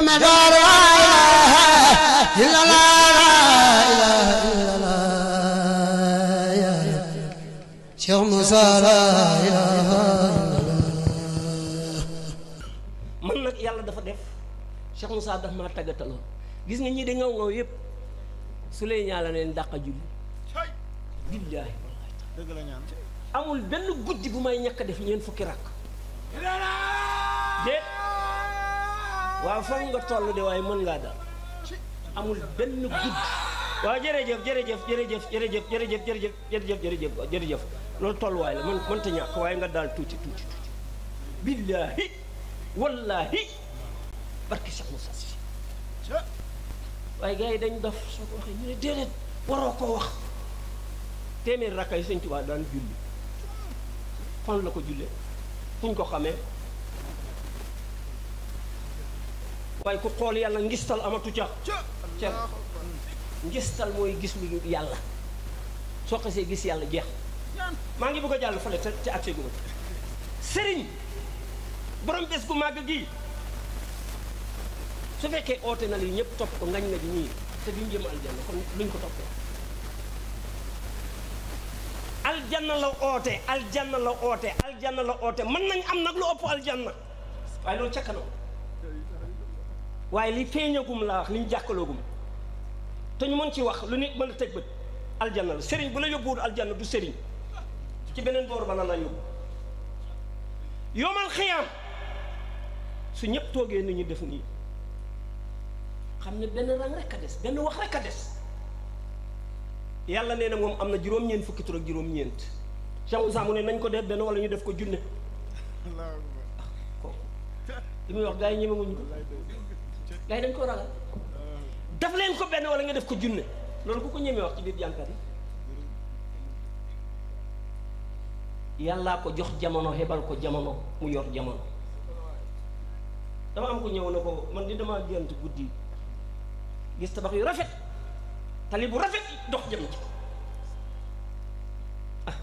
مدار لا إله إلا الله لا إله إلا الله شيخ موسى لا إله man nag yàlla dafa def Cheikh Moussa daf maa tàggataloon gis nga ñii di ngaw ngaw yëpp su lay ñaala leen dàq julli billaahi dëgg la ñaan amul benn guddi bu may ñàkk def ñeent fukki rakk waaw foog nga toll de waaye mën ngaa daal amul benn gudd waaw jërëjëf jërëjëf jërëjëf jërëjëf jërëjëf jërëjëf jëf jërëjëf jërëjëf loolu tolluwaay la mën mënta ñàkk waaye nga daal tuuti tuuti tuuti billaahi wallaahi barki sax mu sas si waaye gars yi dañ dof soo ko waxee ñu ne déedéet waroo koo wax téeméer rakka yi sëñ Tuubaa daan julli fan la ko julle fu ñu ko xamee way ku xol yalla ngistal amatu ca cer ngistal moy gis lu yalla so xese gis yalla jeex ma ngi bëgg a jàll fale te te gu serigne borom bes gu mag gi su fekke oote na li ñëpp top ko ngañ na ji ñii te biñu jëm aljanna kon luñ ko top aljanna la oote aljanna la oote aljanna la oote man nañ am nak lu ëpp aljanna way lu ci kanam waaye li feeñagum laa wax li ñu jàkkaloogum te ñu mën ci wax lu nit mën a teg bët aljanna la sëriñ bu la yóbbuwul aljanna du sëriñ ci beneen boor bala la la yóbbu yomal xiyaam su ñëpp toogee ni ñu def nii xam ne benn rang rek a des benn wax rek a des yàlla nee na moom am na juróom-ñeent fukki tur ak juróom-ñeent Cheikh Ousseynou mu ne nañ ko def benn wala ñu def ko junne. li muy wax gars yi ñemewuñ ko. gars dañ koo ragal daf leen ko benn wala nga def ko junne loolu ku ko ñemee wax ci biir jànkat yàllaa ko jox jamono hebal ko jamono mu yor jamono dama am ko ñëw na ko man di dama gént guddi gis tabax yu rafet tali bu rafet dox jëm ci ah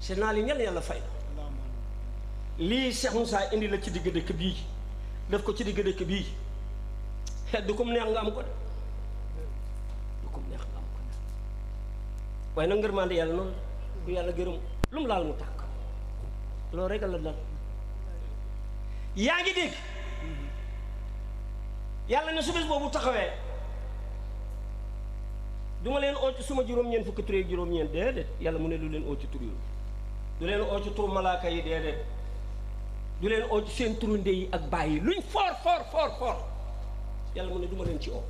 seet naa li ñan yàlla fay lii Cheikh Moussa indi la ci digg dëkk bii def ko ci digg dëkk bii du kum neex nga am ko de du kum neex nga am ko de waaye nag ngërmande yàlla noonu ku yàlla gërëm lu mu laal mu tàkk loolu rek la dal yaa ngi dégg yàlla ne su bés boobu taxawee du ma leen oo suma juróom-ñeent fukki tur ak juróom-ñeent déedéet yàlla mu ne lu leen oo ci tur du leen oo turu malaaka yi déedéet du leen oo ci seen turu ndey ak bàyyi luñ foor foor foor yàlla mu ne du ma ci oo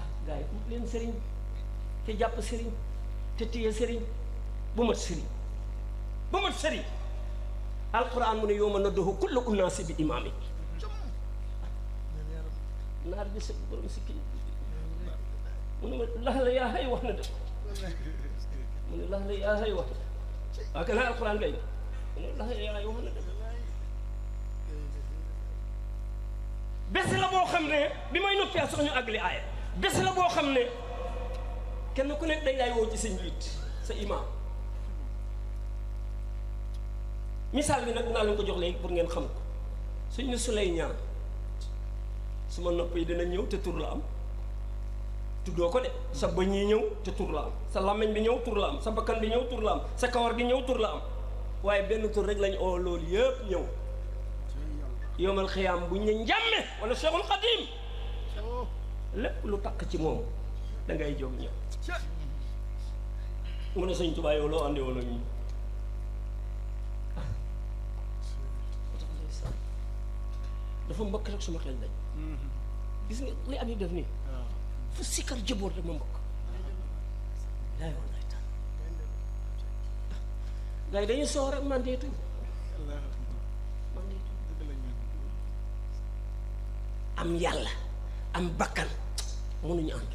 ah gars leen sëriñ te jàpp sëriñ te téye sëriñ bu mat sëriñ bu mat sëriñ alquran mu ne yow ma noddohu kullu unnaasi bi imaami naar bi si kii mu ne ma mu ne lax la wax na waaw mu ne lax la wax na def bés la bo xamne bi may noppi sax ñu àggali aaya bés la bo xamne kenn ku nekk day lay wo ci sa lut sa imam misal bi nak na leen ko jox leg pour ngeen xam ko suñ sulay ñaan suma ma dina ñew te tour la am tuddoo ko de sa bëñ yi ñew te tour la am sa lamagne bi ñew tour la am sa bakkan bi ñew tour la am sa kawar gi ñew tour la am waye benn tour rek lañ o lol yépp ñew yowmal khiyam buñ ne njàmme wala cheikhul qadim lepp lu tak ci mom da ngay jog ñëw mu ne sëñ Tuubaa yow lo andi wala ñu dafa mbokk rek suma xel dañ gis nga li am yi def ni fu sikkar jëboor dama mbëkk laay wallaay tan gars yi dañuy soxor rek mandeetuñ am yàlla am bakkan mënuñu ànd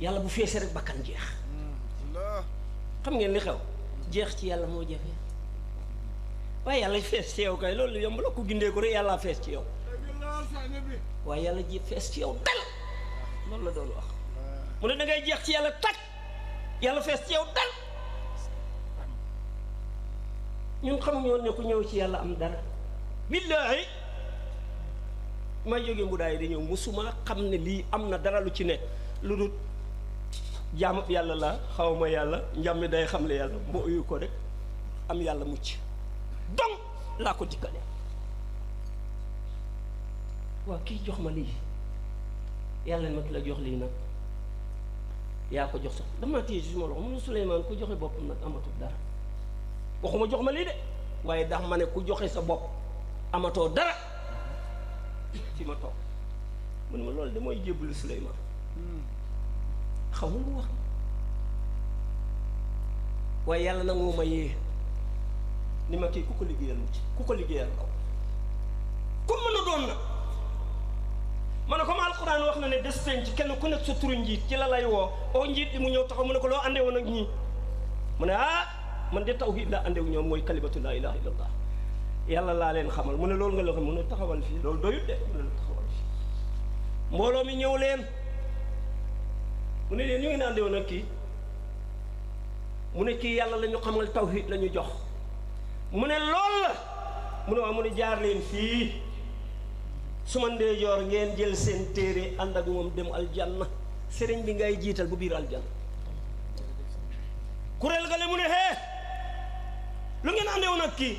yàlla bu feesee rek bakkan jeex xam ngeen li xew jeex ci yàlla moo jafe waaye yàlla fees ci yow loolu la ku gindee ko rek yàlla fees ci yow waaye yàlla ji fees ci yow dal loolu la doon wax mu ne da jeex ci yàlla tag yàlla fees ci yow dal ñun xamuñu woon ne ku ñëw ci yàlla am dara billaahi bi may jógee mbudaay di ñëw musuma xam ne lii am na dara lu ci ne lu dul jaamab yàlla la xaw ma yàlla njàm mi day xam le yàlla ma uyu ko yàlla mucc donc laa ko dikkale waaw kii jox ma lii yàlla ma ki la jox lii nag yaa ko jox sax damaa téye ci suma loxo mu ne Souleymane ku joxe boppam nag amatul dara waxuma jox ma lii de waaye dax ma ne ku joxe sa bopp amatoo dara ci ma toog mun ma loolu de mooy jébbalu Souleymane xaw ma lu wax waaye yàlla nag moo may ni ma kii ku ko liggéeyal mu ci ku ko liggéeyal kaw comme mën a doon na ma ne comme alxuraan wax na ne destin ci kenn ku nekk su turu njiit ci la lay woo oo njiit bi mu ñëw taxaw mu ne ko loo àndee woon ak ñii mu ne ah man de tawhid laa àndee wu ñoom mooy kalimatu laa ilaha illallah yàlla laa leen xamal mu ne loolu nga la xam mu ne taxawal fii loolu doyut de mu ne taxawal fii mbooloo mi ñëw leen mu ne leen ñu ngi naan déwoon ak kii mu ne kii yàlla lañu ñu xamal tawhid la jox mu ne loolu la mu ne waaw mu ne jaar leen fii su ma ndeejoor ngeen jël seen téere ànd ak moom dem aljanna sëriñ bi ngay jiital bu biir aljanna kuréel ga le mu ne hee lu ngeen àndewoon ak kii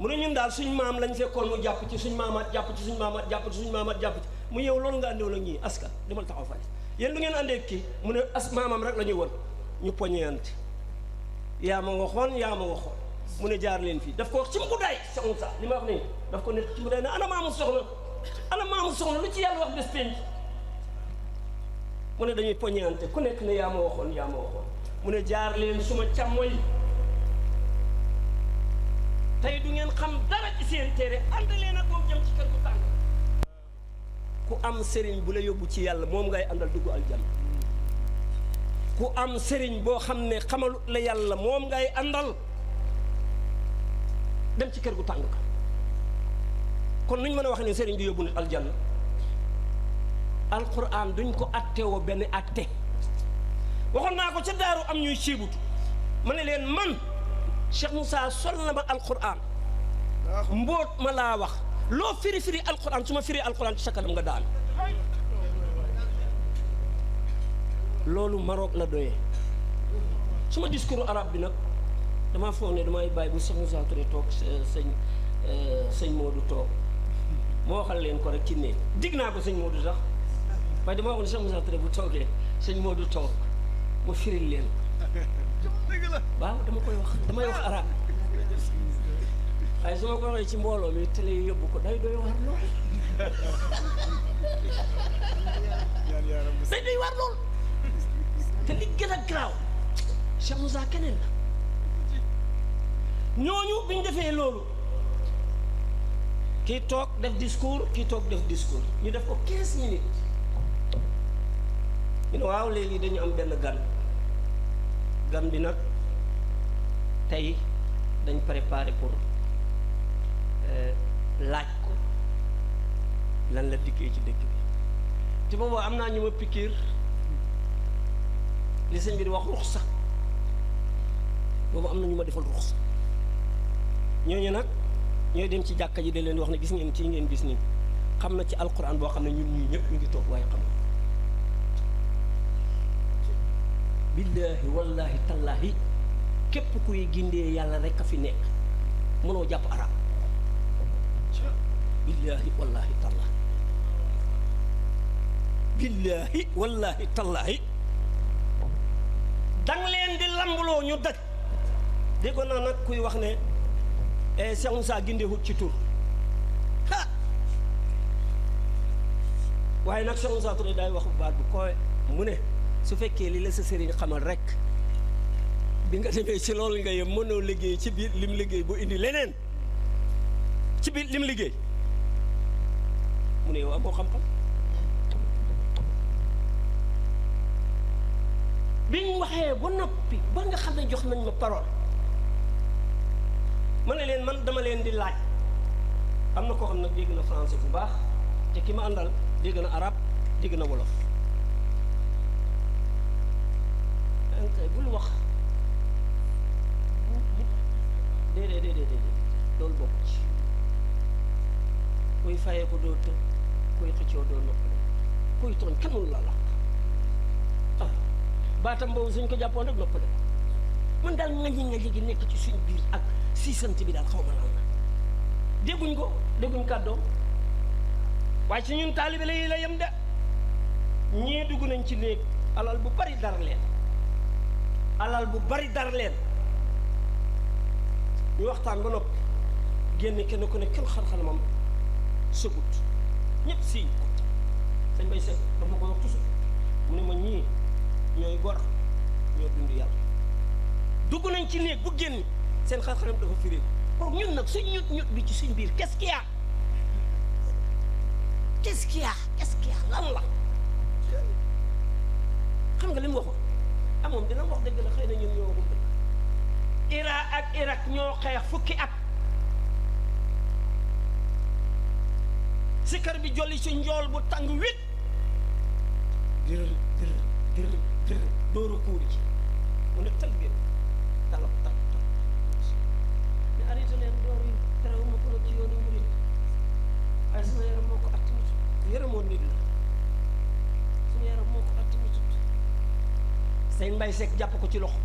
mu ne ñun daal suñ maam lañ fekkoon mu jàpp ci suñ maamaat jàpp ci suñ maamaat jàpp ci suñ maamaat jàpp ci mu yow loolu nga àndeewul ak ñii aska demal taxaw fale yéen lu ngeen àndee kii mu ne as maamam rek la ñu won ñu poñeyante yaa ma waxoon yaa ma waxoon mu ne jaar leen fii daf ko wax ci mbuddaay sa Moussa ma wax nii daf ko ne ci mbuddaay ne ana maamu soxna ana maamu soxna lu ci yàlla wax bés penc mu ne dañuy poñeyante ku nekk ne yaa ma waxoon yaa waxoon mu ne jaar leen suma càmmoñ tey du ngeen xam dara ci seen téere ànd leen ak moom jëm ci kër gu tàng ku am sëriñ bu la yóbbu ci yàlla moom ngay àndal dugg aljanna ku am sëriñ boo xam ne xamalut la yàlla moom ngay àndal dem ci kër gu tàng ka kon nuñ mën a wax ne sëriñ du yóbbu nit aljanna alquran duñ ko attewoo benn atte waxoon naa ko ca daaru am ñuy siibutu ma ne leen man Cheikh Moussa sol na ma alquran mbóot ma laa wax loo firi firi alquran su ma firi alquran ci sa kanam nga daan loolu Maroc la doyee suma discours arabe bi nag damaa foog ne damay bàyyi bu Cheikh Moussa Touré toog sëñ euh, sëñ Modou toog moo waxal leen ko rek ci ne digg naa ko sëñ Modou sax waaye dama wax ne Cheikh Moussa Touré bu toogee sëñ Modou toog mu firil leen waaw dama koy wax damay wax arab waaye su ma ko waxee ci mbooloo mi télé yi yóbbu ko day doy war lool day doy war lool te li gën a garaaw Cheikh keneen la ñooñu bi ñu defee loolu kii toog def discours kii toog def discours ñu def ko 15 minutes ñu ne waaw léegi dañu am benn gan gan bi nag tey dañ préparé pour euh, laaj ko lan la dikkee ci dëkk bi te boobaa am naa ñu ma pikiir li sëñ biir di wax sax boobu am na ñu ma defal ruxsa ñooñu nag ñooy dem ci jàkka ji da leen wax ne gis ngeen kii ngeen gis nii xam na ci alquran boo xam ne ñun ñii ñëpp ñu ngi toog waaye xam billaahi wallaahi tallaahi képp kuy gindee yàlla rekk a fi nekk mënoo jàpp arab billaahi wallaahi tallaahi billaahi wallaahi tallaahi dang leen di lambuloo ñu daj déggoon naa nag kuy wax ne eh, Cheikh Moussa gindeewut ci tur ha waaye nag Cheikh Moussa Touré daay wax baat bu koy mu ne su fekkee li la sa sëriñ xamal rek bi nga demee ci loolu nga yem mënoo liggéey ci biir lim liggéey boo indi leneen ci biir lim liggéey mu ne yow amoo xam-xam biñ waxee ba noppi ba nga xam ne jox nañ ma parole ma ne leen man dama leen di laaj am na koo xam nag dégg na français bu baax te ki ma àndal dégg na arab dégg na wolof doon wax bu bu déedéet déedéet déedéet loolu bokk ci kuy fayee ko doo tëb kuy xëccoo doo noppale kuy tooñ kenn mënu la làq ah baatam boobu suñ ko jàppoon rek noppale ko man daal ngañi ngañi gi nekk ci suñ biir ak siisant bi daal xaw ma lan la dégguñ ko dégguñ kàddoom waaye ci ñun taalibe la yi la yem de ñii dugg nañ ci néeg alal bu bari dara leen alal bu bari dar leen ñu waxtaan ba noppi génn kenn ku ne kenn xar-xaramam sëgut ñëpp sii sañ bay set dafa ko wax toujours mu ne ma ñii ñooy gor ñoo dund yàlla dugg nañ ci néeg bu génn seen xar-xaram dafa firée pour ñun nag suñ ñut ñut bi ci suñ biir qu'est-ce qu'il y la xam nga li mu amoon ah, dina wax dëgg la xëy na ñoo waxul dëgg ak Irak ñoo xeex fukki at sikkar bi jolli ci njool bu tàng wit dir kuur ji mu ne tël génn talab tal tal ne arrêté door yi terewuma ko ci yoonu murid waaye sama yaram moo ko att yaramoon nit la sëñ Mbay Seck jàpp ko ci loxo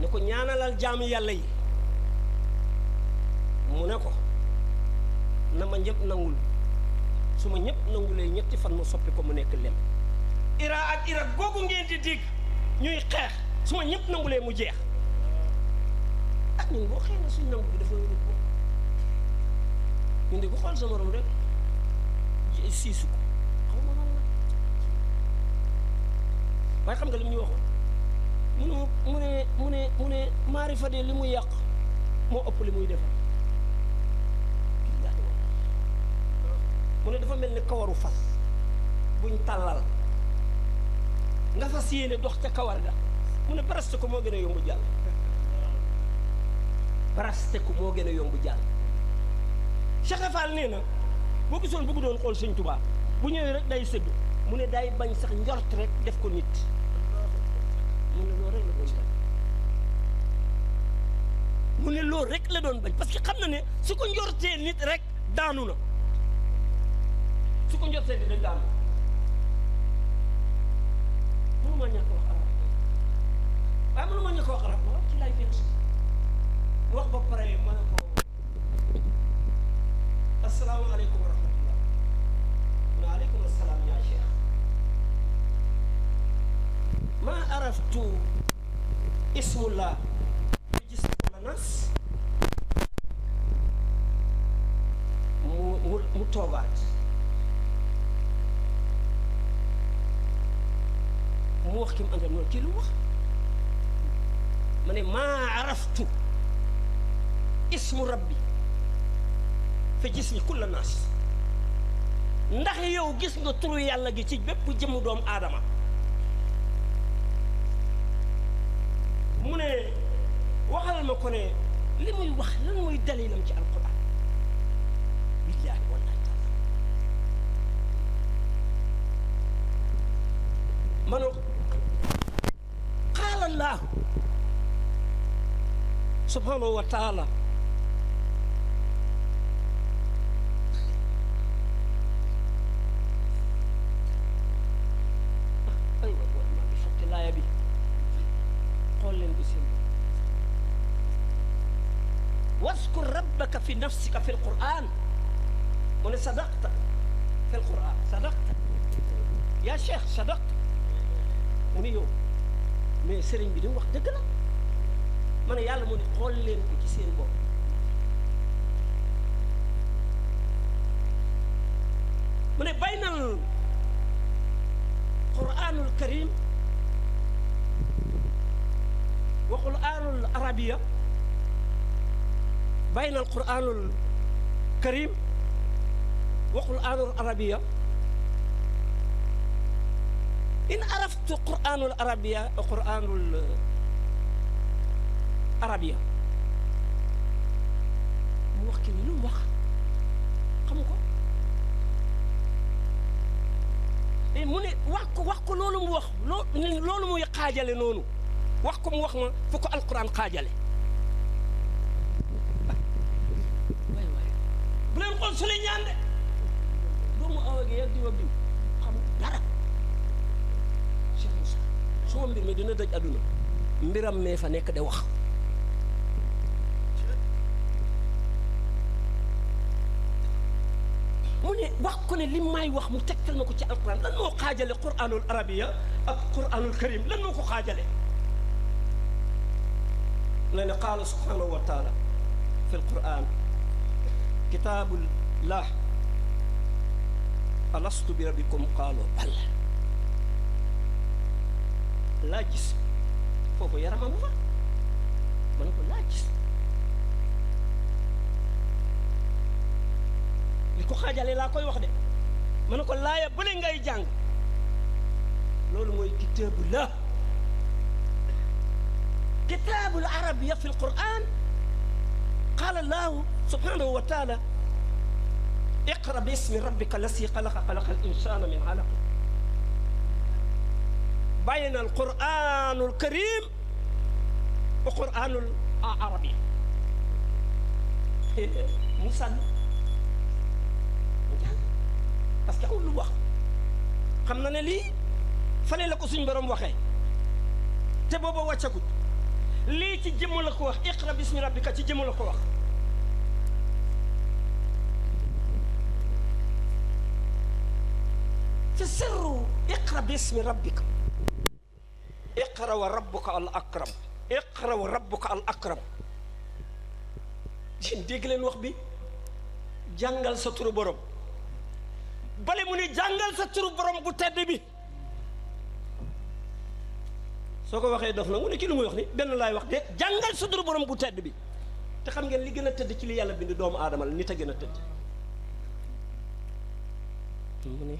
ne ko ñaanalal jaamu yàlla yi mu ne ko na ma ñëpp nangul su ma ñëpp nangulee ñetti fan ma soppi ko mu nekk lem ira ak ira googu ngeen di ñuy xeex su ma ñëpp nangulee mu jeex ak ah ñun boo xëy na suñ nangu bi dafa wérut boobu ñun de bu xool sa morom rek siisu ko waaye xam nga li mu ñu waxoon mu ne mu ne mu ne mu li muy yàq moo ëpp li muy defar mu ne dafa mel ni kawaru fas buñ tàllal nga fas yéene dox ca kawar ga mu ne baraste ko moo gën a yomb jàll baraste gën a yomb jàll Cheikh Fall nee na boo gisoon bëgg doon xool Sëñ Tuubaa bu ñëwee rek day sëddu mu ne day bañ sax njort rek def ko nit mu ne loolu rek la doon bañ mu parce que xam na ne su ko njortee nit rek daanu la su ko njortee nit rek daanu mënu ma ñàkk wax arab waaye mënu ma ñàkk wax arab ma wax ci laay fekk mu wax ba pare ma ne ko asalaamaaleykum wa rahmatullah mu ne aleykum asalaam yaa cheikh ما عرفت اسم الله بجسم الناس mu toogaat mu wax ki mu àndal noonu kii lu wax ma ne maa araftu ismu rabbi fi gis ni kulla ndax yow gis nga turu yàlla gi ci bépp jëm doomu aadama من وحل المكونة لم يوخ لم يدلي لم جعل القرآن بالله والله تعالى من قال الله سبحانه وتعالى العربية بين القرآن الكريم والقرآن العربية إن عرفت القرآن العربية القرآن العربية موكل من إيه، وقت موني وقو وقو لولو موخ لولو مو يقاجل نونو wax ko mu wax ma fu ko alquran xaajale waay waay bu leen xool su la ñaan de doomu awagi yag diw ak diw xam dara Cheikh Moussa mbir mi dina daj àdduna mbiram mee fa nekk de wax mu ne wax ko ne li may wax mu tegtal na ko ci alquran lan moo xaajale quranul arabiya ak quranul karim lan moo ko xaajale la ne qaala subhaanahu wa taala fi alquran kitaabullah alastu bi rabbikum qaalu bala laa gis foofu yaramam fa ma ne ko laa gis li ko xaajale laa koy wax de ma ne ko laaya bële ngay jàng loolu mooy kitaabullah كتاب العربية في القرآن قال الله سبحانه وتعالى اقرأ باسم ربك الذي خلق خلق الإنسان من علق بين القرآن الكريم وقرآن العربي إيه، موسى بس كل وقت خمنا لي فلي لك ne lii fale la ko lii ci jëmm la ko wax iqra bismi rabbika ci jëmm la ko wax ci sirru wa rabbuka al akram wax bi jàngal sa turu borom bale mu ne bu tedd bi soo ko waxee dof na mu ne ci lu muy wax ni benn laay wax de jàngal sa duru borom bu tedd bi te xam ngeen li gën a tëdd ci li yàlla bind doomu aadama la nit a gën a tëdd mu ne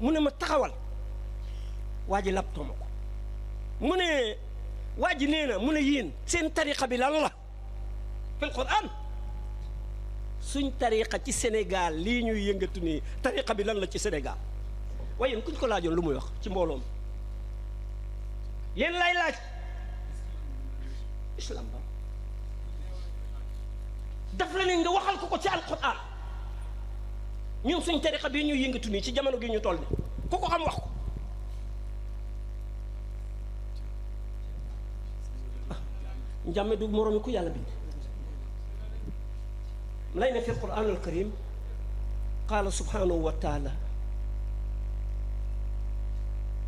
mu ne ma taxawal waa ji lab ko mu ne waa ji nee na mu ne yéen seen tariqa bi lan la fil quran suñ tariqa ci senegaal lii ñuy yëngatu nii tariqa bi lan la ci Sénégal waaye yéen ku ñu ko laajoon lu muy wax ci mbooloom yéen lay laaj islam daf la ne nga waxal ko ko ci alquran ñun suñ tariqa yi ñuy yëngatu nii ci jamono gi ñu toll ni ku ko xam wax ko njàmme du moroomi ku yàlla bind lay ne fi alquran alkarim qaala subhanahu wa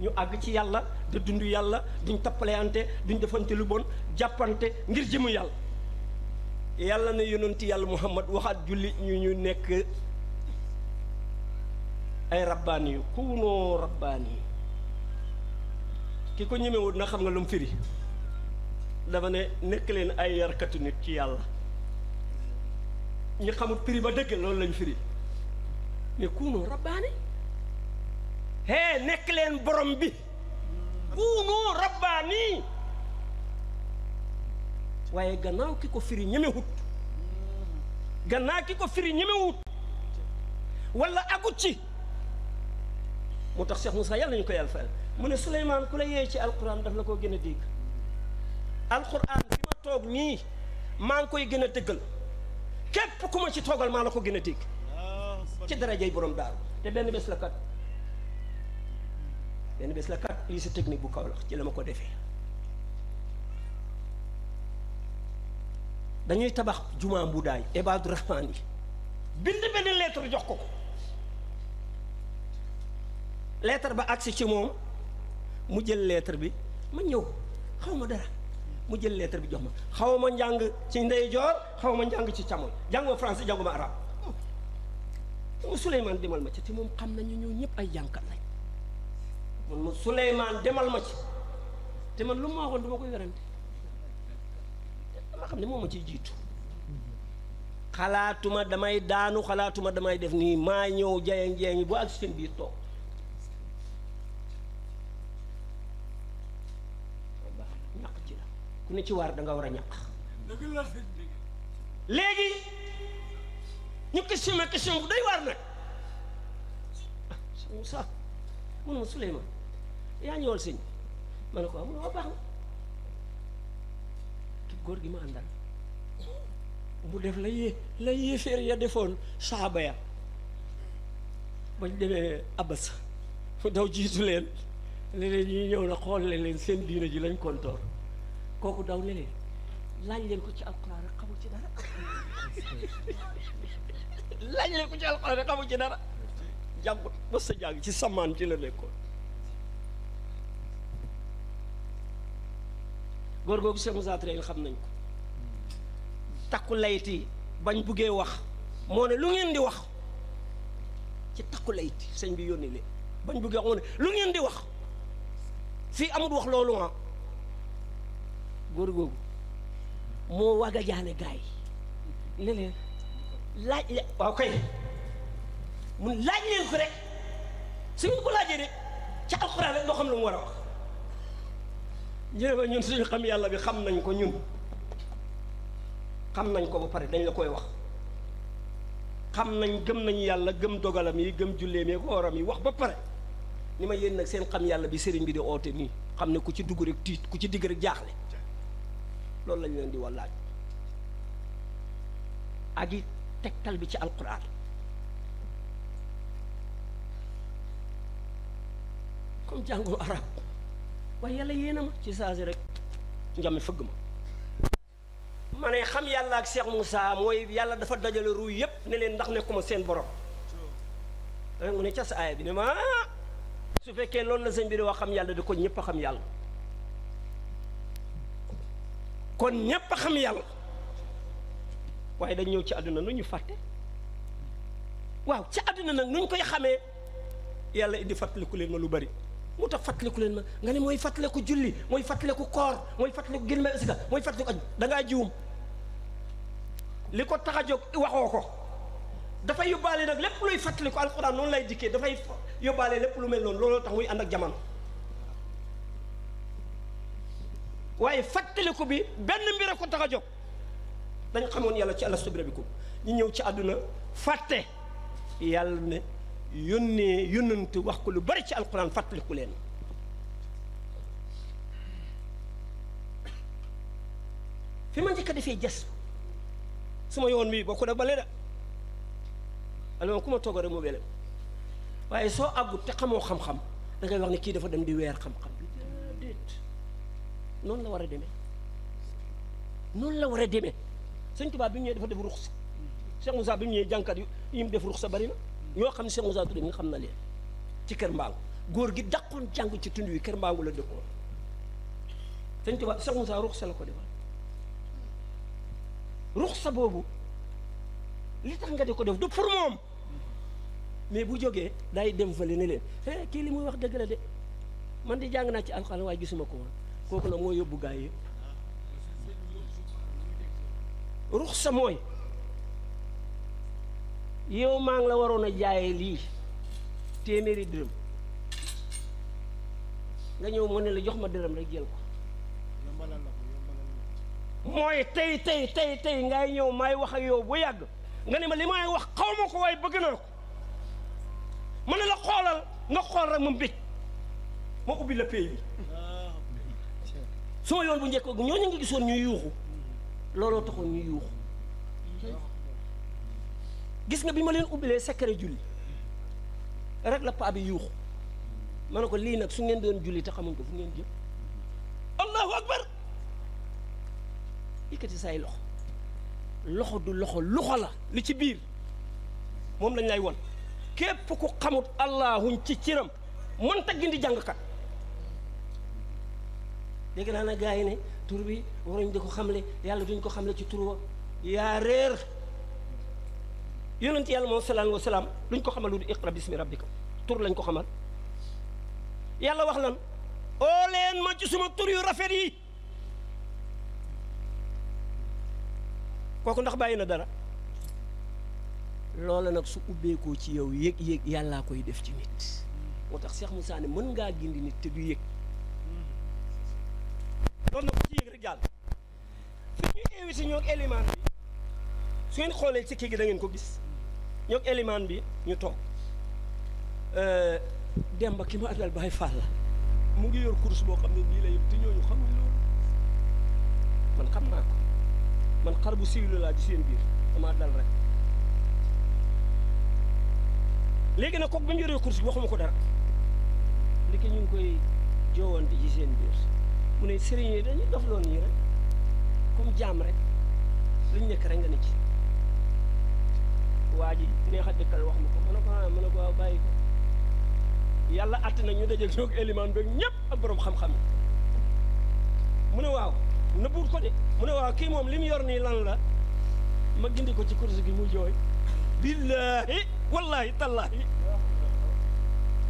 ñu àgg ci yàlla te dund yàlla duñ tappaleante duñ defante lu bon jàppante ngir jëmu yàlla yàlla na yonenti yàlla muhammad waxaat julli ñu ñu nekk ay rabbaani yu kuunoo rabbaani ki ko ñemewut na xam nga lu mu firi dafa ne nekk leen ay yarkatu nit ci yàlla ñu xamut firi ba dëgg loolu lañ firi mais kuunoo rabbaani hee nekk leen borom bi kuunu rabbaani waaye gannaaw ki ko firi ñemewut gannaaw ki ko firi ñemewut wala agut ci moo tax Cheikh Moussa yàlla ñu ko yàlla mu ne Souleymane ku la yee ci alquran daf la koo gën a dégg alquran bi ma toog nii maa ngi koy gën a dëggal képp ku ma ci toogal maa la ko gën a dégg ci darajay borom daal te benn bés la kat ben bes la kat lycée technique bu kaolax ci lama ko defé dañuy tabax juma day ibadur rahman yi bind ben lettre jox ko lettre ba aksi ci mom mu jël lettre bi ma ñew xawma dara mu jël lettre bi jox ma xawma jang ci ndey jor xawma jang ci jang jànguma français jànguma arabe mu suleyman dimal ma ci mom xam nañu ñëw ay jankal lañ mun ma Souleymane demal ma ci te man lu ma waxoon du koy werante dama xam ne moom ma ciy jiitu xalaatuma damay daanu xalaatuma damay def nii maa ñëw jayang jayangi bu ak seen biir toog baax ci la ku ne ci waar da war a ñàq léegi ñu question ma bu doy waar nag ah, mun ma Souleymane ya ñëwal señ ma ko amul waa gor gi ma andal bu def la yé la fer ya defon saaba ya bañ ñu demee fu daw jitu len lene ñi ñew na xol leen seen diina ji lañ kontor koku daw lene lañ len ko ci alquran xamu ci dara lañ len ko ci alquran xamu ci dara jàngut ba sa jàng ci samaan ci la nekkoon góor googu Cheikh Moussa Traoré xam nañ ko takku layti bañ buggee wax moo ne lu ngeen di wax ci takku layti sëñ bi yónni leen bañ buggee wax moo ne lu ngeen di wax fii amul wax loolu ma góor googu moo wagga jaane gaay yi ne leen laaj le waaw kay mun laaj leen ko rek su ngeen ko laajee de ca alxuraan rek loo xam lu mu war a wax yéen ñun suñu xam yàlla bi xam nañ ko ñun xam nañ ko ba pare dañ la koy wax xam nañ gëm nañ yàlla gëm dogalam yi gëm julleem yi ooram yi wax ba pare ni ma yéen nag seen xam yàlla bi sëriñ bi di oote nii xam ne ku ci dugg rek tiit ku ci digg rek jaaxle loolu lañ leen di wallaaj ak yi tegtal bi ci alquran comme jàngul arab waaye yàlla yéena ma ci saasi rek njami fëgg ma ma ne xam yàlla ak Cheikh Moussa mooy yàlla dafa dajale ruu yépp ne leen ndax nekkuma seen borom da mu ne cas aaya bi ne ma su fekkee loolu la sëñ bi di wax xam yàlla di ko ñépp xam yàlla kon ñépp a xam yàlla waaye dañ ñëw ci àdduna nu ñu fàtte waaw ci àdduna nag nu ñu koy xamee yàlla indi fàttaliku leen ma lu bari moo tax fàttaliku leen ma nga ne mooy fàttaliku julli mooy fàttaliku koor mooy fàttaliku gilme asika mooy fàttaliku aj dangaa ngaa jiwum li ko tax a jóg waxoo ko dafay yóbbaale nag lépp luy fàttaliku alxuraan loolu lay dikkee dafay yóbbaale lépp lu mel noonu looloo tax muy ànd ak jamono waaye fàttaliku bi benn mbir ko tax a dañ xamoon yàlla ci alastu bi rabbikum ñu ñëw ci àdduna fàtte yàlla ne yónnee yónnante wax ko lu bari ci alquran fàttaliku leen fi ma njëkk a defee jas suma yoon wi bokku da bale da alors ku ma toog rek mu wele waaye soo àggut te xamoo xam-xam da ngay wax ne kii dafa dem di weer xam-xam bi déet noonu la war a demee noonu la war a demee sëñ tubaab bi mu ñëwee dafa def ruxsa Cheikh Moussa bi mu ñëwee jànkat yi mu def ruxsa bari na ñoo xam ne Cheikh Moussa Touré nga xam na leen ci Kër Mbangu góor gi dàqoon jàng ci tund wi Kër Mbangu la dëkkoon sëñ Tuubaa Cheikh Moussa ruxsa la ko defal ruxsa boobu li tax nga di ko def du pour moom mais bu jógee day dem fële ne leen eh kii li muy wax dëgg la de man di jàng naa ci alxuraan waaye gisuma ko woon kooku nag moo yóbbu gaa yi ruxsa mooy. yow ma nga la warona jaay li lii dërëm nga ñew mo ne la jox ma dërëm rek jël ko moy tay tay tay tay ngay ñew may wax ak yow bu yàgg nga ne ma limay wax xawmako way bëgg na ko mo ne la xolal nga xol rek mu mbég mo ubbi la pay bi so yoon bu ñoo ñooñu ngi gisoon ñuy yuuxu loolu taxoon ñuy yuuxu gis nga bi ma leen ubbilee secret julli rek la pa bi yuuxu ma ne ko lii nag su ngeen doon julli te xamuñ ko fu ngeen jëm allahu akbar ikati say loxo loxo du loxo loxo la li ci biir moom lañ lay won képp ku xamut allahuñ ci ciram mën gindi jàngkat dégg naa na gars yi bi waruñ di ko xamle yàlla duñ ko xamle ci tur wa yaa réer yonent yàlla moom selaan wa salaam luñ ko xamal lu du iqra bismi rabbika tur lañ ko xamal yàlla wax lan oo leen ma ci suma tur yu rafet yi kooku ndax bàyyi na dara loola nag su ubbeekoo ci yow yéeg yéeg yàllaa koy def ci nit moo tax seex mu ne mën ngaa gindi nit te du yéeg loolu nag ku ci yéeg rek jàll fi ñu invité ñoo ak bi su ngeen xoolee ci kii gi dangeen ko gis ñoo elimaan bi ñu toog euh, Demba ki ma àndal Baay Faal la mu ngi yor course boo xam ne bii la yëpp te ñooñu xamuñ loolu man xam naa ko man xar bu siiwlu laa ci seen biir damaa dal rek léegi nag kooku ba mu yoree course bi waxuma ko dara léegi ñu ngi koy joowante ci seen biir mu ne sëriñ yi dañuy dof loon yi rek comme jaam rek luñ nekk rek nga ne ci waa ji neex a dëkkal wax ma ko mën na ko ah mën na ko waaw bàyyi ko yàlla àtt na ñu dajeeg ñoo élimaan beeg ñëpp a boroom xam-xam mu ne waaw nëbbuut ko de mu ne waaw kii moom li mu yor nii lan la ma gindi ko ci kursi gi mu jooy billaahi wallaahi tallaahi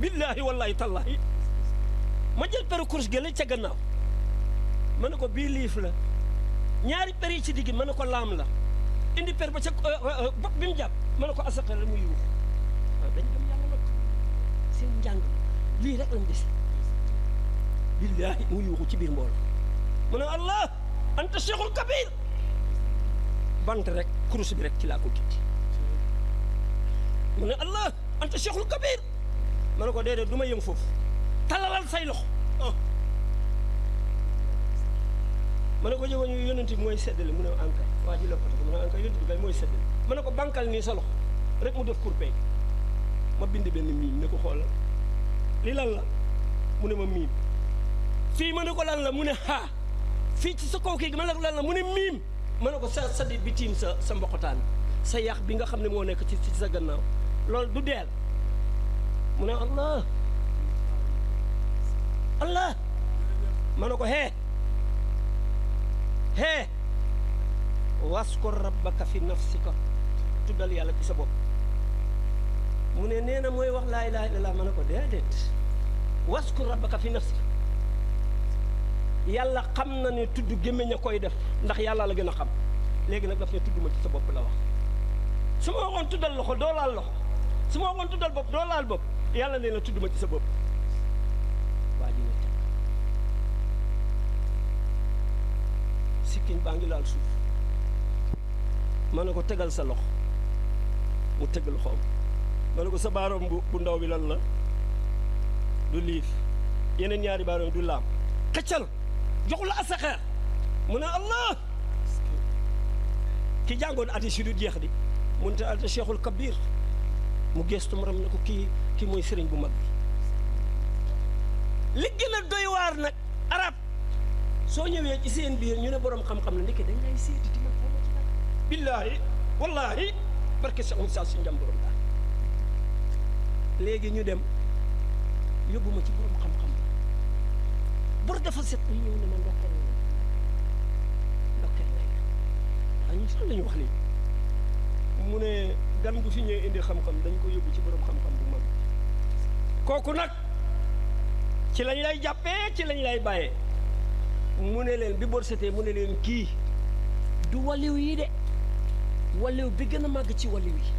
billaahi wallaahi tallaahi ma jël peru kursi gi la ca gannaaw ma ne ko bii liif la ñaari per ci digg ma ne ko laam la indi per ba ca euh, euh, euh, bopp bi mu jàpp ma ne ko asaka la muy yuux dañu dem yàlla nag seen njàng lii rek lañ billaahi mu yuuxu ci biir mbooloo mu ne allah anta cheikhul kabir bant rek kurus bi rek ci laa ko gitti mu ne allah anta cheikhul kabir ma ne ko déedéet du ma yëngu foofu talalal say loxo oh. mane ko jógoon ñu yonent bi mooy seddale mu ne ANCAR waa ji loppatu ko mu ne ANCAR yonent bi kay mooy seddale ma ne ko bànkal nii solo loxo rek mu def kurpeñ ma bind benn miim ne ko xoolal li lan la mu ne ma miim fii ma ne ko lan la mu ne haa fii ci sa kaw kii ma ne ko lan la mu ne miim ma ne ko sa sadi bi tiim sa sa mboqotaan sa yax bi nga xam ne moo nekk ci ci sa gannaaw lool du deel mu ne allah allah ma ne ko hee hee waskor rabbaka fi nafsika tuddal yàlla ci sa bopp mu ne nee na mooy wax laay laa ilaha illallah ma ne ko déedéet waskor rabbaka fi nafsika yàlla xam na ne tudd gémmiñ a koy def ndax yàlla la gën a xam léegi nag daf ne tudd ci sa bopp la wax su ma waxoon tuddal loxo doo laal loxo su ma waxoon tuddal bopp doo laal bopp yàlla nee na tudduma ci sa bopp sikkiñ baa ngi laal suuf ma ko tegal sa loxo mu teg loxoom ma ko sa baaroom bu bu ndaw bi lan la du liif yeneen ñaari baaroom du laam xëccal joxu la asaxeer mu ne allah ki jàngoon ati si du jeex di mun te ati cheikhul kabir mu gestu mu ram ne ko kii kii mooy sëriñ bu mag bi li gën doy waar nag arab soo ñëwee ci seen biir ñu ne boroom xam-xam la ndeke dañ lay seeti di la boole ci nag billaahi wallaahi barke sa um saa léegi ñu dem yóbbu ma ci borom xam-xam la bor dafa set ñu ñëw ne ma ndokkeel na ndokkeel na waaw ñun sax la wax lii mu ne gan bu fi ñëwee indi xam-xam dañ ko yóbbu ci boroom xam-xam bu mag kooku nag ci lañ lay jàppee ci lañ lay bàyyee mu ne leen bi bor setee mu ne leen kii du waliw yi de waliw bi gën a màgg ci waliw yi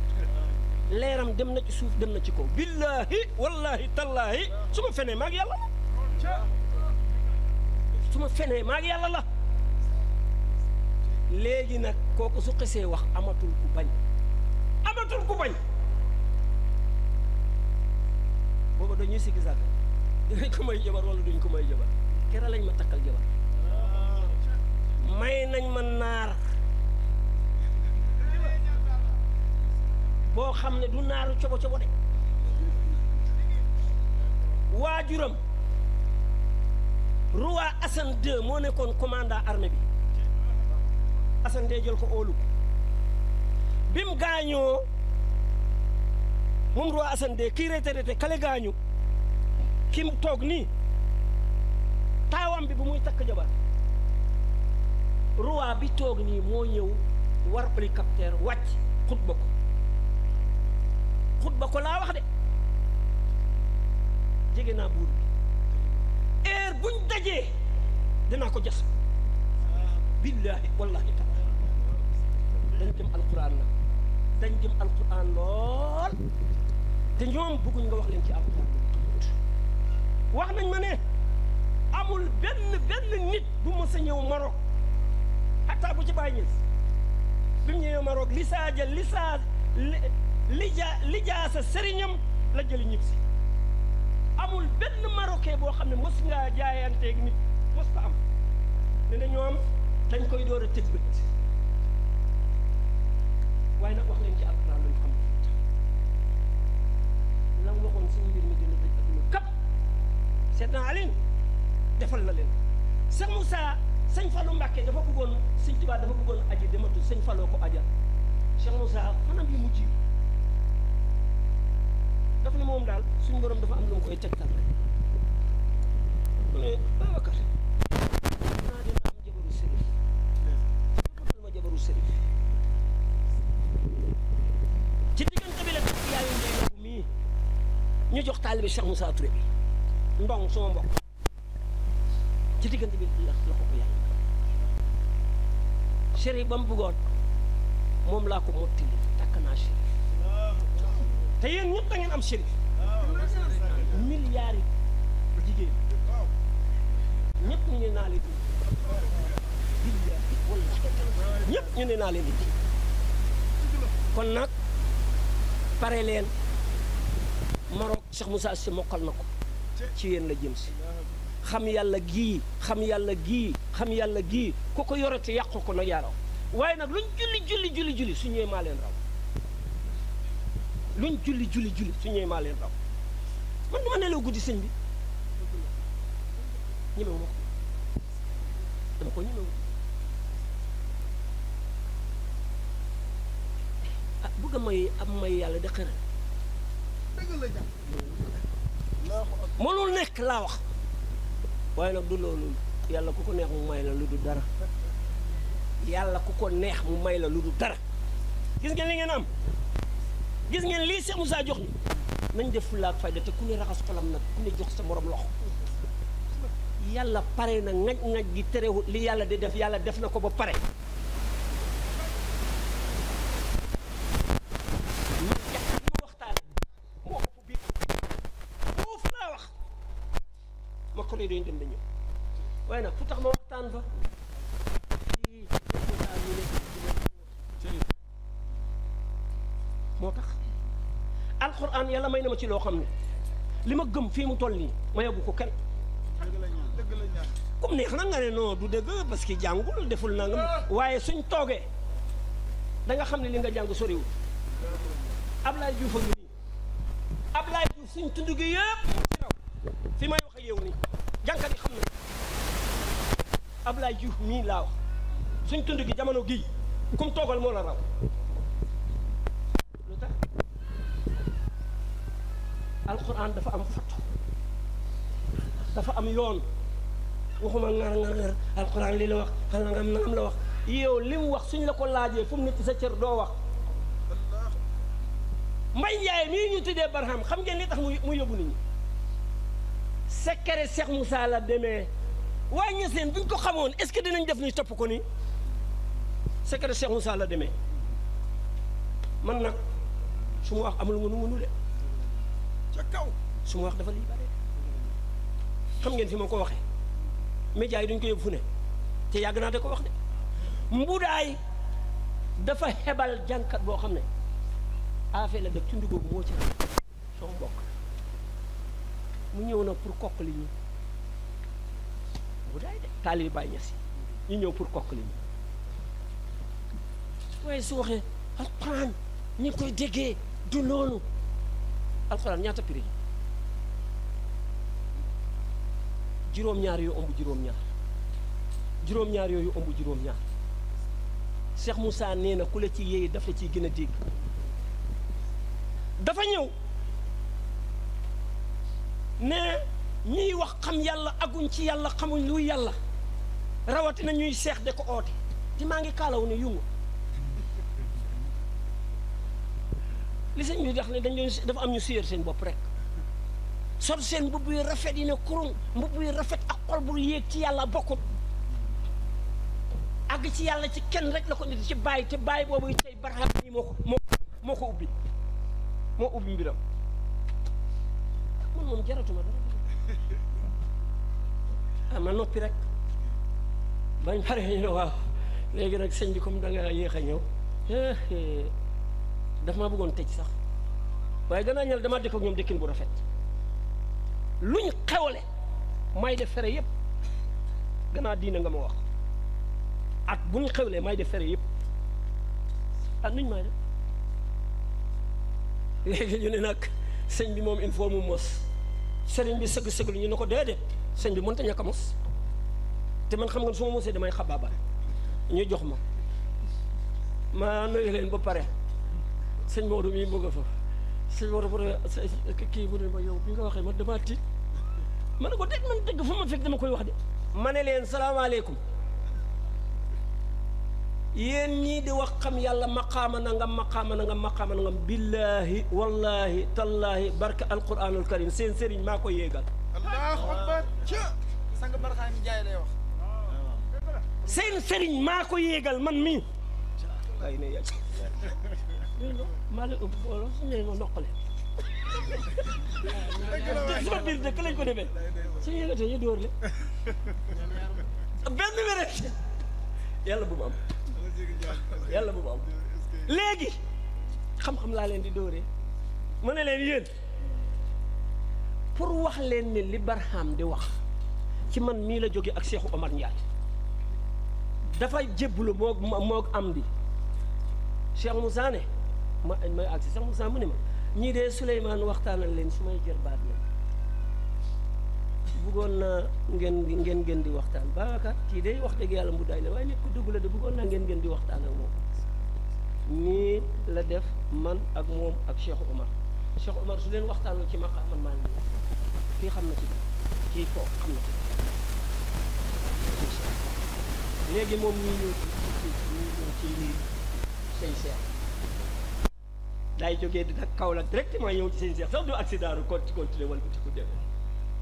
leeram dem na ci suuf dem na ci kaw billaahi wallaahi tallaahi su ma fenee maa ngi yàlla la ma fenee maa yàlla la léegi nag kooku su xesee wax amatul ku bañ amatul ku bañ booba dañuy sikki sàkk dinañ ko may jabar wala duñ ko may jabar kera lañ ma takkal jabar may nañ ma naar boo xam ne du naaru cobo cobo de waajuram roi Assane II moo nekkoon commandant armée bi Assane II jël ko óolu bi gaañoo moom roi Assane II kii retraité kale gaañu ki mu toog nii taawam bi bu muy takk jabar roi bi toog nii moo ñëw war hélicoptère wàcc xutba ko xutba ko laa wax de jege naa buur bi heure buñ dajee dinaa ko jas billaahi wallaahi taala dañ jëm alquran nag dañ jëm alquran lool te ñoom bëgguñ nga wax leen ci alquran wax nañ ma ne amul benn benn nit bu mës a ñëw Maroc hatta bu ci bàyyi ñës bi mu ñëwee Maroc li saa jël li saa li ja li jaasa sëriñam la jëli ñib si amul benn marocain boo xam ne mos ngaa jaayanteeg nit mos ko am ne na ñoom dañ koy door a tëj bët waaye nag wax leen ci alxuraan luñ xam lam waxoon suñu mbir mi dina tëj adduna kap seet naa alin defal na leen Cheikh Moussa sëñ Fallou Mbacké dafa bëggoon sëñ Tuubaa dafa bëggoon aji dematu sañ faloo ko ajal Cheikh Moussa fanam yi mujj dafa ne moom daal suñ borom dafa am lu mu koy tegtal rek mu ne Babacar naa dina am jabaru sérif toppal ma jabaru sérif ci diggante bi la teg yaayu ndey bu mii ñu jox taalibi Cheikh Moussa Touré bi ndong suma mbokk ci diggante bi la la ko ko yàlla shérif ba mu bëggoon moom laa ko mottali takk naa shérif te yéen ñëpp da ngeen am shérif milliards yi jigéen ñu ne naa leen di ñëpp ñu ne naa leen di kon nag pare leen Maroc Cheikh Moussa Sy mokkal na ko ci yéen la jëm si xam yàlla gii xam yàlla gii xam yàlla gii ku ko yorete yàqu ko nag yaaraw waaye nag lu julli julli julli julli su ñëwee maa leen raw luñ julli julli julli su ñëwee maa leen raw man ma nelaw guddi sëñ bi ah bëgg a may am may yàlla da xëral mënul nekk laa wax waaye nag du loolu yàlla ku ko neex mu may la lu du dara yàlla ku ko neex mu may la lu du dara gis ngeen li ngeen am gis ngeen lii Cheikh Moussa jox ni nañ def fulla ak fayda te ku ne raxas xolam nag ku ne jox sa moroom loxo yàlla pare na ngaj ngaj gi terewul li yàlla di def yàlla def na ko ba pare yàlla may na ma ci loo xam ne li ma gëm fii mu toll nii ma yóbbu ko kenn. comme neex na nga ne non du dëgg parce que jàngul deful nangam waaye suñ toogee danga xam ne li nga jàng soriwul Ablaye Diouf a ngi nii Ablaye Diouf suñ tund gi yëpp fi may wax ak yow nii jànkat yi xam na Ablaye Diouf mii laa suñ tund gi jamono gii kum toogal moo la raw القران دا ام فوت دا ام يون وخوما نار نار القران لي لا وخ خلا نغام نغام لا وخ يو لي وخ سني لاكو لاجي فوم نيت سا تير دو وخ ماي ياي مي ني تودي برهام خم جي ني تخ مو يوبو ني سكري شيخ موسى لا ديمي واي ني سين بين كو خامون اسكو دي نن ديف ني توب كو ني سكري شيخ موسى لا ديمي man nak su mu wax amul ngunu ngunu de ca kaw su ma wax dafa lii bare xam ngeen fi ma ko waxee médias yi duñ ko yóbbu fu ne te yàgg naa de ko wax de mbudaay dafa xebal jànkat boo xam ne affaire la def ci ndugg boobu moo ci soo mbokk mu ñëw na pour kokk li ñu mbudaay de taalibi Baay Ñas ñu ñëw pour kokk li ñu waaye su waxee alxuraan ñi koy déggee du noonu alxuraan ñaata prix yi juróom-ñaar yooyu ëmb juróom-ñaar juróom-ñaar yooyu nee na ku la ci yéey dafa ciy gën a dégg dafa ñëw ne ñuy wax xam yàlla aguñ ci yàlla xamuñ luy yàlla na ñuy seex de ko oote te maa ngi kaalaw ne yungu li sëñ bi wax ne dañ doon dafa am ñu suyar seen bopp rek sot seen mbubb yu rafet yi ne kurum mbubb yu rafet ak xol bu yéeg ci yàlla bokkut àgg ci yàlla ci kenn rek la ko nit ci bàyyi te bàyyi boobu yi tey barxam yi moo ko moo ko ubbi moo ubbi mbiram man moom jaratuma dara ah, ma noppi rek bañ pare ñu ne waaw léegi nag sëñ bi comme da yéex a ñëw daf maa bëggoon tëj sax waaye gannaaw ñal damaa dëkk ak ñoom dëkkin bu rafet luñ xewle may def fere yëpp gannaaw diina nga ma wax at buñ xewlee may def fere yëpp ah luñ may def léegi ñu ne nag sëñ bi moom il faut mu mos sëriñ bi sëgg sëgg lu ñu ne ko déedéet sëñ bi mënta ñàkk a mos te man xam nga su ma mosee damay xabaabal ñu jox ma maa nuyu leen ba pare. sëñ Maodo mii mu nga kii mu ne ma yow bi nga waxee man damaa tiit ko déet man dëgg fekk dama koy wax ma ne leen salaamaaleykum yéen ñii di wax xam yàlla maqaama nangam maqaama nangam maqaama nangam billaahi wallaahi tallaahi barka alquranul karim seen sëriñ maa ko yéegal allahu lay wax seen sëriñ maa ko yéegal man mii maa ngi ëpp booloo su ñu ma noqale. te sama biir dëkk lañ ko defee su ñu yëngatee ñu dóor le benn wérante yàlla bu mu am yàlla bu mu am léegi xam-xam laa leen di dóoree ma ne leen yéen pour wax leen ne li Barham di wax ci man mii la jóge ak Seexu Omar Ndiaye dafa jébbalu moog moog am di Cheikh Moussa ne ma ma agsi sax Moussa mu ne ma ñii de Souleymane waxtaanal leen su may jër baat lañ bëggoon naa ngeen ngeen ngeen di waxtaan Babacar kii day wax dëgg yàlla mbudaay la waaye nit ku dugg la de bëggoon naa ngeen ngeen di waxtaan ak moom nii la def man ak moom ak Cheikh Omar Cheikh Omar su leen waxtaanoo ci maqa man maa ngi kii xam na ci kii ci léegi moom ñuy ñëw ci ci ñuy ñëw ci lii daay jógee nag Kaolack directement yow ci seen seex sax du accident ko ci continuer wala ci ku dem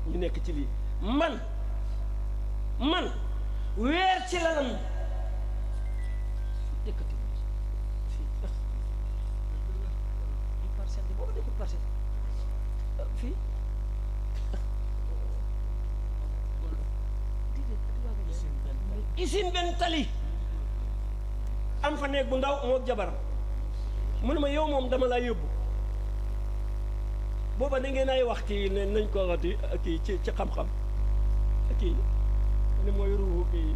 ñu nekk ci lii man man weer ci lalam dëkkati fii ah. benn tali am fa nekk bu ndaw moo jabar mu ma yow moom dama laa yóbbu booba da ngeen ay wax ki ne nañ ko rati kii ci ci xam-xam kii ne mooy ruuxu kii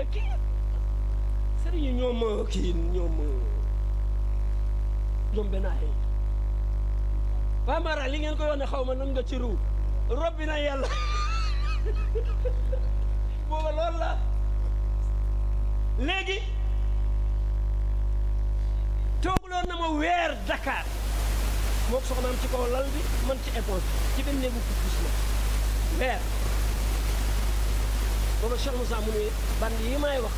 ah, kii sëriñ yi ñoom kii ñoom ñoom benn ay waa Mara li ngeen koy wax ne xaw ma nan nga ci ruu robbi na yàlla booba tooguloon na ma weer Dakar moo ko ci kaw lal bi man ci éponge ci benn néegu puus la weer booba Cheikh Moussa mu ne band yi may wax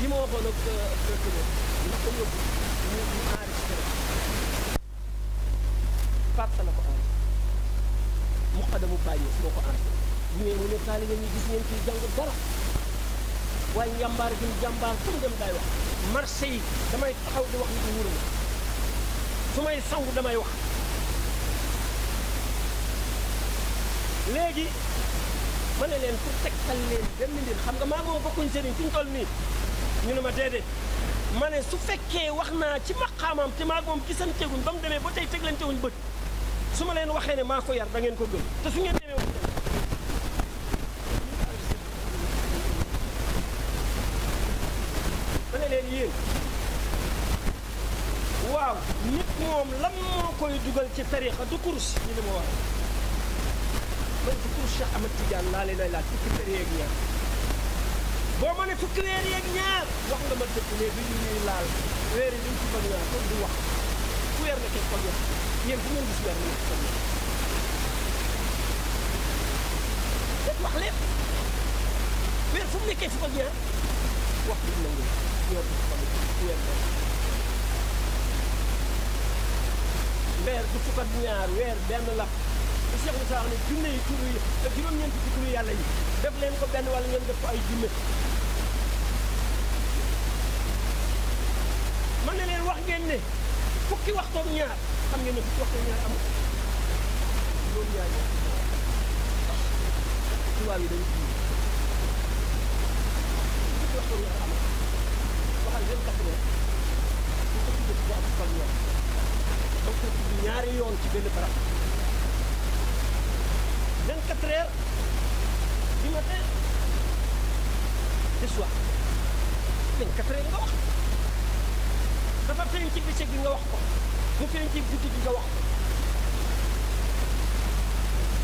yi ma waxoon ak euh, këne ndax ko yóbbu ñu ko enregistré muqaddamu moo ko enregistré bu ñëwee mu ne taalibe ñu gis ngeen ciy jàng dara waaye njàmbaar gi njàmbaar fu mu dem daay wax marché yi damay taxaw di wax nit ñi wóoruma su may sangu damay wax léegi ma ne leen pour tegtal leen benn mbir xam nga maa moom bokkuñ sëriñ fi ñu toll nii ñu ne ma déedéet ma ne su fekkee wax naa ci maqaamam te ci moom gisanteeguñ ba mu demee ba tey teglanteewuñ bët su ma leen waxee ne maa ko yar da ngeen ko gëm te su ngeen moom lan moo koy dugal ci tarixa du kurus ñu ne ma wax man du kurus Cheikh Ahmed Tidiane laa leen lay laaj fukki weer yeeg ñaar boo ma ne fukki weer yeeg ñaar wax nga ma dëkk ne bi ñuy laal weer yi ñu ci bañ ñaar kon du wax fu weer nekkee kon wax yéen bu ngeen gis weer nekk kon wax def wax lépp weer fu mu nekkee fukk ak ñaar wax bi nangu ñoo ko fa weer weer du fukk ñaar weer benn lap di Cheikh Moussa wax ne yi tur yi ak yàlla yi def leen ko benn wala ngeen def ko ay junne mën na leen wax ngeen ne fukki waxtoog ñaar xam ngeen ne fukki waxtoog ñaar amul loolu yaa ngi tubaab yi dañu fi fukki waxtoog ñaar amul am ko ñaari yoon ci benn barab 24 heures du matin de soir 24 heures nga wax dafa feeñ ci bëccëg bi nga wax ko mu feeñ ci guddi bi nga wax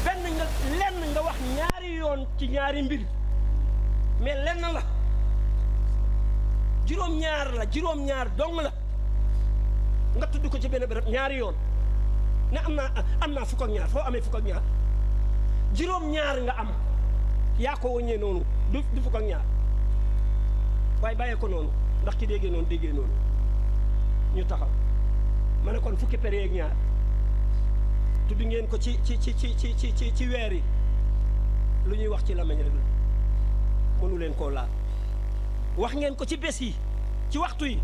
benn nga lenn nga wax ñaari yoon ci ñaari mbir mais lenn la juróom-ñaar la juróom-ñaar dong la nga tudd ko ci benn béréb ñaari yoon ne am naa am naa fukk ak ñaar foo amee fukk ak ñaar juróom ñaar nga am yaa ko wëññee noonu du fukk ak ñaar waaye bàyyee ko noonu ndax ci déggee noonu déggee noonu ñu taxaw ma ne kon fukki période ñaar tudd ngeen ko ci ci ci ci ci ci weer yi lu ñuy wax ci lamañ rek la mënu leen koo laal wax ngeen ko ci bes yi ci waxtu yi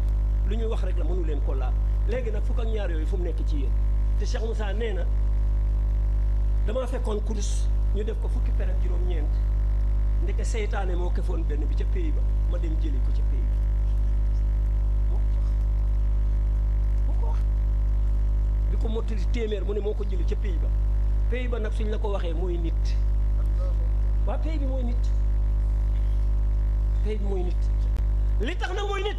lu ñuy wax rek la mënu leen koo laal léegi nag fukk ak ñaar yooyu fu mu nekk ci yéen te Cheikh Moussa nee na damaa fekkoon kurus ñu def ko fukki pere juróom-ñeent ndeke seytaane moo kefoon benn bi ca pays ba ma dem jëli ko ca pays ba moo ko wax bi ko mottali téeméer mu ne moo ko jëli ca pays ba pays ba nag suñ la ko waxee mooy nit waa pays bi mooy nit pays bi mooy nit li tax nag mooy nit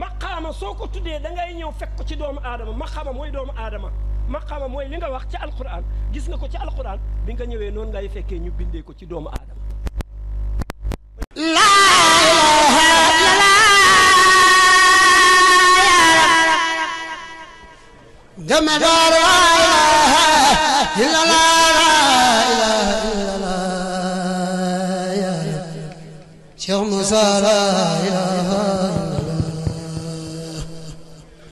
maqaama soo ko tuddee da ngay ñëw fekk ko ci doomu aadama maqaama mooy doomu aadama maqaama mooy li nga wax ci alquran gis nga ko ci alquran bi nga ñëwee noonu ngay fekkee ñu bindee ko ci doomu aadama جمع لا إله إلا الله لا إله إلا الله يا شيخ موسى لا